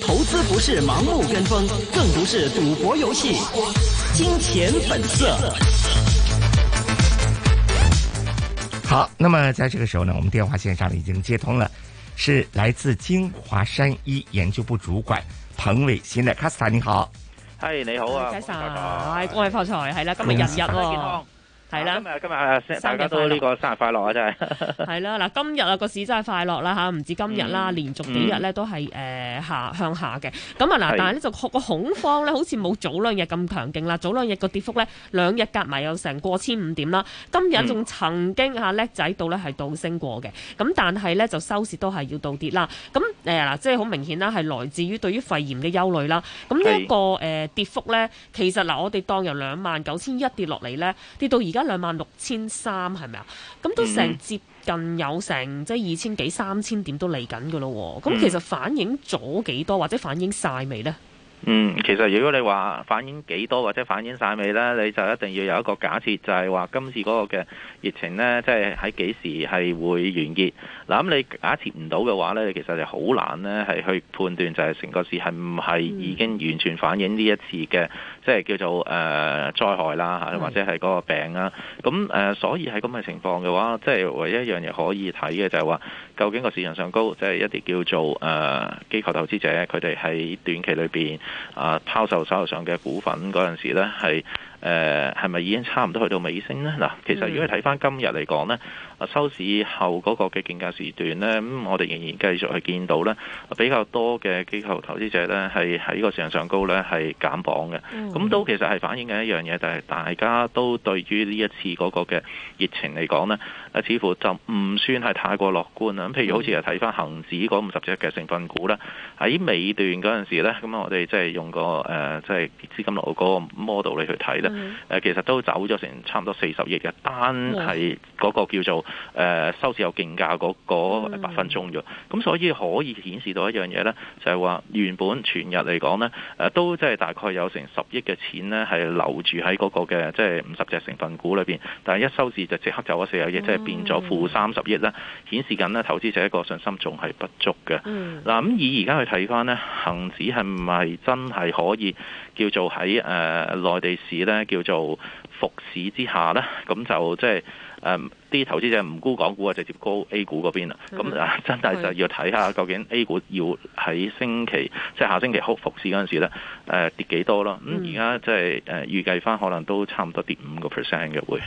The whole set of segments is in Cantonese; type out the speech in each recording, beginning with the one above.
投資不是盲目跟風，更不是賭博遊戲，金錢本色。好，那麼在這個時候呢，我們電話線上已經接通了，是來自京華山一研究部主管彭偉新的卡森哈。嗨，Hi, 你好啊，卡森 Hi,，哎，恭喜發財，係啦、啊，今日日日哦。係啦、啊，今日今日啊，大家都呢個生日快樂！生日快樂啊，樂真係的。係啦，嗱，今日啊，個市真係快樂啦嚇，唔止今日啦，嗯、連續幾日咧都係誒、嗯呃、下向下嘅。咁啊嗱，但係咧就個恐慌咧，好似冇早兩日咁強勁啦。早兩日個跌幅咧，兩日夾埋有成過千五點啦。今日仲曾經啊叻仔到咧係倒升過嘅，咁但係咧就收市都係要倒跌啦。咁誒嗱，即係好明顯啦，係來自於對於肺炎嘅憂慮啦。咁呢一個誒跌幅咧，其實嗱，我哋當由兩萬九千一跌落嚟咧，跌到而。而家兩萬六千三係咪啊？咁都成接近有成即係二千幾三千點都嚟緊㗎咯喎！咁其實反映咗幾多，或者反映晒未呢？嗯，其實如果你話反映幾多或者反映晒未呢，你就一定要有一個假設，就係話今次嗰個嘅疫情呢，即係喺幾時係會完結。嗱，咁你假設唔到嘅話呢，你其實就好難呢，係去判斷就係成個市係唔係已經完全反映呢一次嘅，即係叫做誒，呃，災害啦或者係嗰個病啦。咁誒，呃，所以係咁嘅情況嘅話，即係唯一一樣嘢可以睇嘅就係話。究竟個市場上高，即係一啲叫做誒、啊、機構投資者，佢哋喺短期裏面啊拋售手頭上嘅股份嗰陣時呢，係。誒係咪已經差唔多去到尾聲呢？嗱，其實如果睇翻今日嚟講咧，收市後嗰個嘅競價時段呢，咁我哋仍然繼續去見到呢，比較多嘅機構投資者呢，係喺個市場上高呢，係減磅嘅，咁都其實係反映緊一樣嘢，就係大家都對於呢一次嗰個嘅熱情嚟講呢，啊似乎就唔算係太過樂觀啦。咁譬如好似又睇翻恒指嗰五十隻嘅成分股咧，喺尾段嗰陣時咧，咁我哋即係用個誒即係資金流嗰個 model 嚟去睇誒、mm hmm. 其實都走咗成差唔多四十億嘅，單係嗰個叫做誒收市有競價嗰個八分鐘咗，咁、mm hmm. 所以可以顯示到一樣嘢咧，就係話原本全日嚟講咧，誒都即係大概有成十億嘅錢咧係留住喺嗰個嘅即係五十隻成分股裏邊，但係一收市就即刻走咗四十億，即係、mm hmm. 變咗負三十億啦。顯示緊咧投資者一個信心仲係不足嘅。嗱咁以而家去睇翻咧，恒指係咪真係可以叫做喺誒內地市咧？叫做復市之下咧，咁就即係誒，啲、嗯、投資者唔沽港股啊，直接高 A 股嗰邊啦。咁啊的，那真係就要睇下究竟 A 股要喺星期即係的下星期好復市嗰陣時咧、呃，跌幾多咯？咁而家即係誒預計翻，可能都差唔多跌五個 percent 嘅會。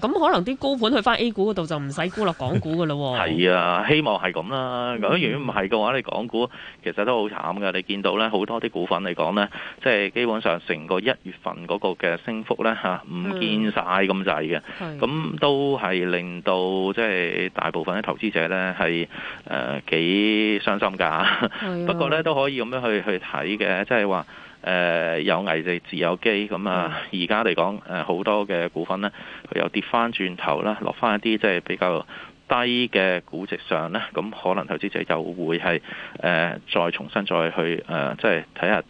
咁、哦、可能啲高盤去翻 A 股嗰度就唔使沽落港股噶咯。係啊，希望係咁啦。咁如果唔係嘅話，你港股其實都好慘噶。你見到咧好多啲股份嚟講咧，即係基本上成個一月份嗰個嘅升幅咧吓唔見晒咁滯嘅。咁都係令到即係、就是、大部分啲投資者咧係誒幾傷心㗎。是的 不過咧都可以咁樣去去睇嘅，即係話。誒、呃，有危地，自有機咁啊！而家嚟講，誒，好多嘅股份咧，佢又跌翻轉頭啦，落翻一啲即係比較。低嘅估值上咧，咁可能投資者又會係誒、呃、再重新再去誒、呃、即係睇下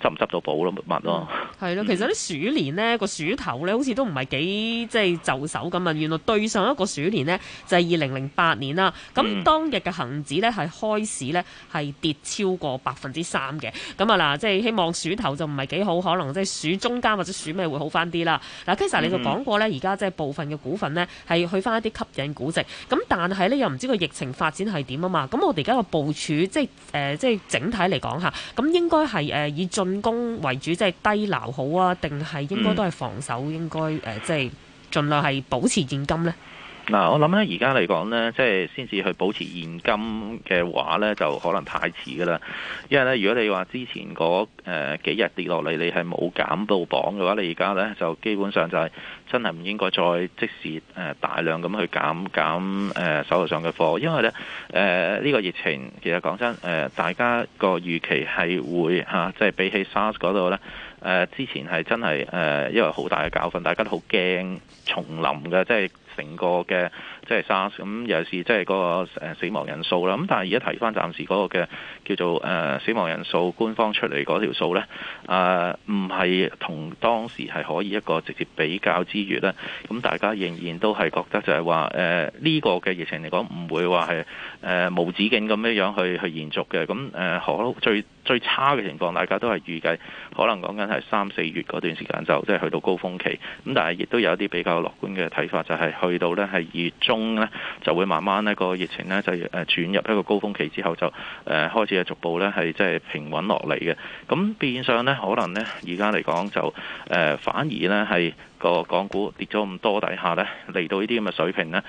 執唔執到寶咯，物咯、嗯。係咯，其實啲鼠年呢、嗯、個鼠頭呢好似都唔係幾即係就手咁啊！原來對上一個鼠年呢就係二零零八年啦。咁當日嘅恒指呢係開市呢係跌超過百分之三嘅。咁啊嗱，即係希望鼠頭就唔係幾好，可能即係鼠中間或者鼠尾會好翻啲啦。嗱，其實你就講過呢，而家、嗯、即係部分嘅股份呢係去翻一啲吸引估值咁。但係咧，又唔知個疫情發展係點啊嘛？咁我哋而家個部署，即係誒、呃，即係整體嚟講吓，咁應該係誒以進攻為主，即係低撈，好啊？定係應該都係防守？應該誒、呃，即係盡量係保持現金呢？嗱，我諗咧，而家嚟講呢，即係先至去保持現金嘅話呢，就可能太遲噶啦。因為呢，如果你話之前嗰誒幾日跌落嚟，你係冇減到磅嘅話，你而家呢就基本上就係真係唔應該再即時誒大量咁去減減誒手頭上嘅貨，因為呢，誒呢個疫情其實講真誒，大家個預期係會嚇，即係比起 SARS 嗰度呢，誒，之前係真係誒一個好大嘅教訓，大家都好驚重臨嘅，即係。成個嘅即係沙士咁，尤其是即係嗰個誒死亡人數啦。咁但係而家提翻暫時嗰個嘅叫做誒、呃、死亡人數官方出嚟嗰條數咧，唔係同當時係可以一個直接比較之餘咧，咁大家仍然都係覺得就係話誒呢個嘅疫情嚟講唔會話係誒無止境咁樣樣去去延續嘅。咁誒可最最差嘅情況，大家都係預計可能講緊係三四月嗰段時間就即係去到高峰期，咁但係亦都有一啲比較樂觀嘅睇法，就係、是、去到呢係二月中呢，就會慢慢呢、呢個疫情呢，就誒轉入一個高峰期之後就誒、呃、開始係逐步呢係即係平穩落嚟嘅，咁變相呢，可能呢而家嚟講就誒、呃、反而呢係，是個港股跌咗咁多底下呢，嚟到呢啲咁嘅水平呢，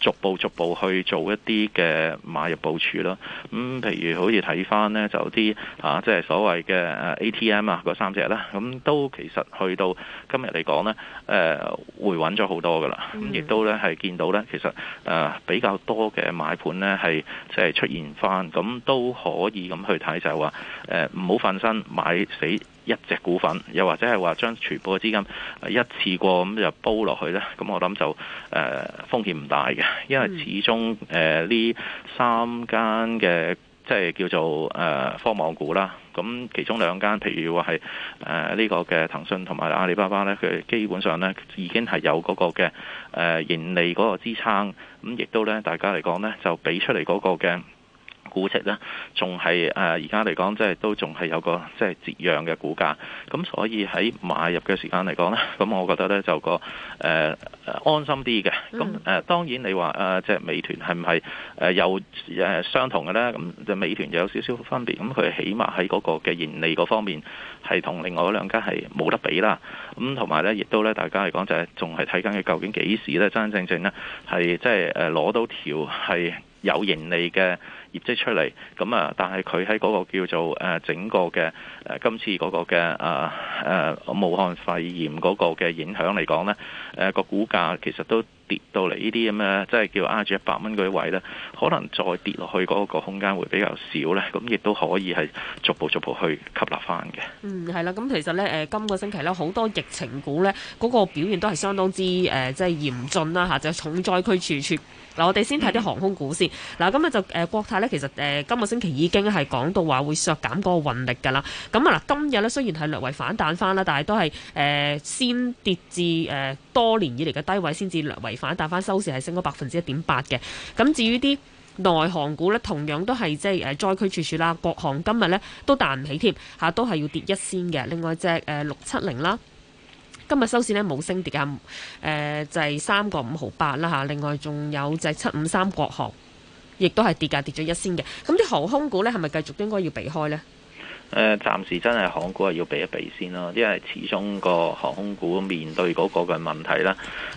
逐步逐步去做一啲嘅買入部署啦。咁、嗯、譬如好似睇翻呢，就啲啊，即、就、係、是、所謂嘅 ATM 啊嗰三隻啦，咁、嗯、都其實去到今日嚟講呢，誒、呃、回穩咗好多噶啦。亦、mm hmm. 都呢係見到呢，其實誒、呃、比較多嘅買盤呢係即係出現翻，咁都可以咁去睇就係話唔好瞓身買死。一隻股份，又或者係話將全部嘅資金一次過咁就煲落去呢，咁我諗就誒風險唔大嘅，因為始終誒呢、呃、三間嘅即係叫做誒、呃、科網股啦，咁其中兩間譬如話係誒呢個嘅騰訊同埋阿里巴巴呢，佢基本上呢已經係有嗰個嘅誒盈利嗰個支撐，咁亦都呢，大家嚟講呢，就俾出嚟嗰個嘅。估值呢仲係誒而家嚟講，即係都仲係有個即係折讓嘅股價。咁所以喺買入嘅時間嚟講呢，咁我覺得呢就個誒安心啲嘅。咁誒當然你話誒即係美團係唔係誒有誒相同嘅呢？咁就美團有少少分別。咁佢起碼喺嗰個嘅盈利嗰方面係同另外嗰兩家係冇得比啦。咁同埋呢，亦都呢大家嚟講就係仲係睇緊佢究竟幾時呢，真真正正呢係即係誒攞到條係有盈利嘅。業績出嚟，咁啊，但係佢喺嗰個叫做誒整個嘅誒今次嗰個嘅誒誒武漢肺炎嗰個嘅影響嚟講咧，誒、啊、個股價其實都。跌到嚟呢啲咁啊，即係叫挨住一百蚊嗰啲位咧，可能再跌落去嗰個空間會比較少咧，咁亦都可以係逐步逐步去吸納翻嘅。嗯，係啦，咁其實咧，誒、呃、今個星期咧好多疫情股咧嗰、嗰個表現都係相當之誒、呃，即係嚴峻啦嚇，就重災區處處。嗱、呃，我哋先睇啲航空股先。嗱、呃，咁啊就誒、呃、國泰咧，其實誒、呃、今個星期已經係講到話會削減嗰個運力㗎啦。咁啊嗱，今日咧雖然係略為反彈翻啦，但係都係誒、呃、先跌至誒，呃多年以嚟嘅低位先至違反，但翻收市係升咗百分之一點八嘅。咁至於啲內航股呢，同樣都係即係誒，災區處處啦，國航今日呢都彈唔起，添吓都係要跌一仙嘅。另外隻誒六七零啦，今日收市呢冇升跌嘅，誒就係三個五毫八啦吓。另外仲有就係七五三國航，亦都係跌價跌咗一仙嘅咁啲航空股呢，係咪繼續都應該要避開呢？誒，暫時真係航空股係要避一避先咯，因為始終個航空股面對嗰個嘅問題呢，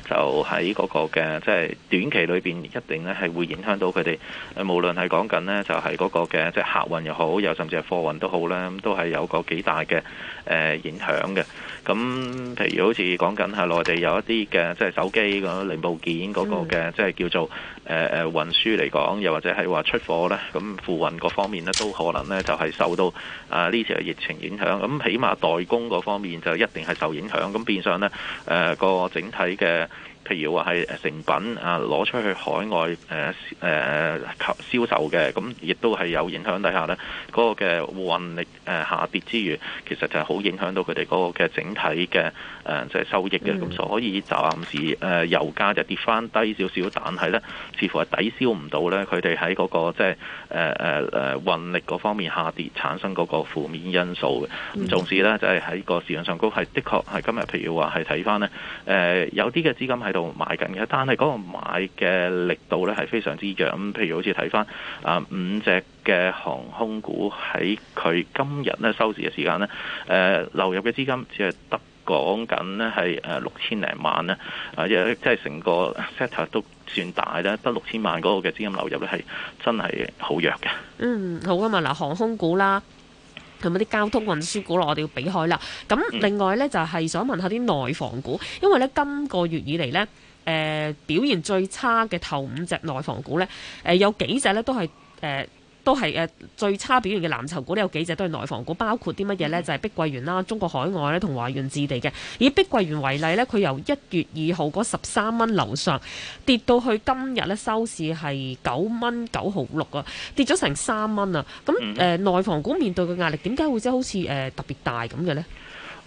就喺嗰個嘅即係短期裏面，一定呢係會影響到佢哋。無論係講緊呢，就係嗰個嘅即係客運又好，又甚至係貨運都好啦，都係有個幾大嘅誒影響嘅。咁譬如好似講緊係內地有一啲嘅即係手機嗰個零部件嗰個嘅，即係、嗯、叫做。誒誒、呃、運輸嚟講，又或者係話出貨咧，咁付運嗰方面咧，都可能呢，就係、是、受到啊呢次嘅疫情影響。咁起碼代工嗰方面就一定係受影響。咁變相呢，誒、呃、個整體嘅。譬如話係成品啊攞出去海外誒誒誒銷售嘅，咁亦都係有影響底下呢，嗰、嗰個嘅運力誒下跌之餘，其實就係好影響到佢哋嗰個嘅整體嘅誒即係收益嘅。咁、mm. 所以就暫時誒油價就跌翻低少少，但係呢似乎係抵消唔到呢佢哋喺嗰個即係誒誒誒運力嗰方面下跌產生嗰個負面因素嘅。咁仲、mm. 事呢，就係喺個市場上高係的確係今日譬如話係睇翻呢，誒有啲嘅資金係。就買緊嘅，但係嗰個買嘅力度咧係非常之弱。咁譬如好似睇翻啊五隻嘅航空股喺佢今日咧收市嘅時間咧，誒、呃、流入嘅資金只係得講緊咧係誒六千零萬咧，啊、呃、亦即係成個 sector 都算大咧，得六千萬嗰個嘅資金流入咧係真係好弱嘅。嗯，好啊嘛，嗱航空股啦。同嗰啲交通運輸股我哋要避開啦。咁另外呢，就係、是、想問一下啲內房股，因為呢，今個月以嚟呢，誒、呃、表現最差嘅頭五隻內房股呢，誒、呃、有幾隻呢都係誒。呃都係誒最差表現嘅藍籌股咧，有幾隻都係內房股，包括啲乜嘢呢？就係、是、碧桂園啦、中國海外咧同華潤置地嘅。以碧桂園為例呢，佢由一月二號嗰十三蚊樓上跌到去今日呢，收市係九蚊九毫六啊，跌咗成三蚊啊！咁誒、呃、內房股面對嘅壓力點解會即係好似誒、呃、特別大咁嘅呢？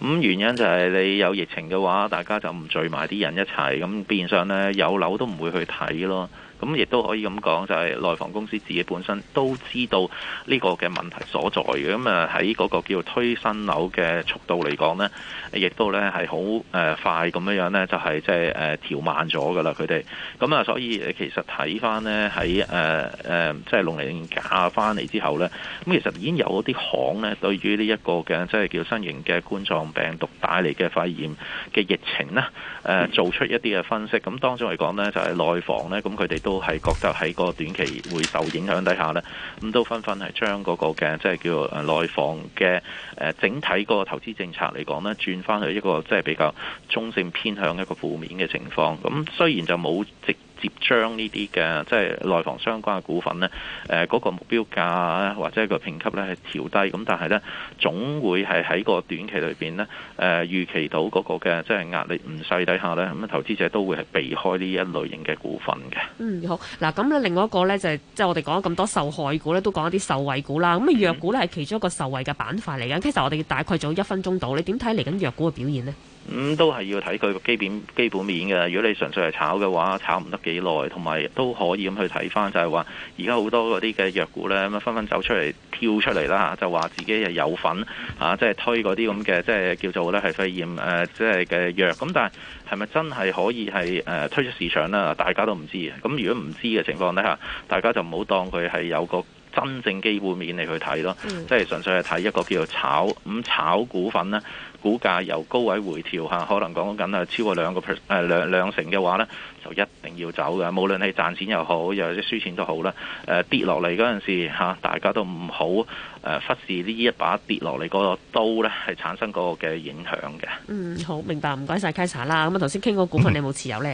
咁原因就係你有疫情嘅話，大家就唔聚埋啲人一齊，咁變相呢，有樓都唔會去睇咯。咁亦都可以咁講，就係內房公司自己本身都知道呢個嘅問題所在嘅。咁啊喺嗰個叫推新樓嘅速度嚟講呢，亦都呢係好誒快咁樣樣呢，就係即係誒調慢咗噶啦佢哋。咁啊，所以其實睇翻呢，喺誒誒即係農曆假翻嚟之後呢，咁其實已經有啲行呢，對於呢一個嘅即係叫新型嘅冠狀病毒帶嚟嘅肺炎嘅疫情呢，誒做出一啲嘅分析。咁當中嚟講呢，就係內房呢，咁佢哋都。都係覺得喺個短期會受影響底下咧，咁都紛紛係將嗰個嘅即係叫做內房嘅誒整體個投資政策嚟講咧，轉翻去一個即係比較中性偏向一個負面嘅情況。咁雖然就冇直接將呢啲嘅即係內房相關嘅股份呢，誒、呃、嗰、那個目標價或者個評級呢係調低，咁但係呢，總會係喺個短期裏邊呢，誒、呃、預期到嗰個嘅即係壓力唔細底下呢。咁、嗯、啊投資者都會係避開呢一類型嘅股份嘅。嗯，好。嗱，咁咧另外一個呢、就是，就係即係我哋講咗咁多受害股呢，都講一啲受惠股啦。咁啊，藥股呢係其中一個受惠嘅板塊嚟嘅。嗯、其實我哋大概仲有一分鐘到，你點睇嚟緊藥股嘅表現呢？咁、嗯、都係要睇佢個基本基本面嘅。如果你純粹係炒嘅話，炒唔得幾耐，同埋都可以咁去睇翻，就係話而家好多嗰啲嘅藥股呢，咁紛紛走出嚟跳出嚟啦就話自己係有份啊，即、就、係、係、推嗰啲咁嘅即係叫做呢係肺炎即係嘅藥。咁、呃就是、但係係咪真係可以係、呃、推出市場呢？大家都唔知。咁如果唔知嘅情況底下，大家就唔好當佢係有個。真正基本面嚟去睇咯，即係純粹係睇一個叫做炒咁炒股份呢，股價由高位回調吓，可能講緊係超過兩個 percent 誒兩兩成嘅話呢，就一定要走㗎。無論係賺錢又好，又或者輸錢都好啦。誒、啊、跌落嚟嗰陣時吓、啊，大家都唔好誒忽視呢一把跌落嚟嗰個刀呢，係產生嗰個嘅影響嘅。嗯，好明白，唔該晒 Kasia 啦。咁啊，頭先傾嗰股份、嗯、你有冇持有呢？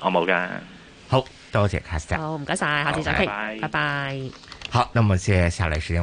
我冇噶，好多謝 Kasia。好，唔該晒，下次再傾，好拜拜。拜拜拜拜。好，那麼接下來時間我們。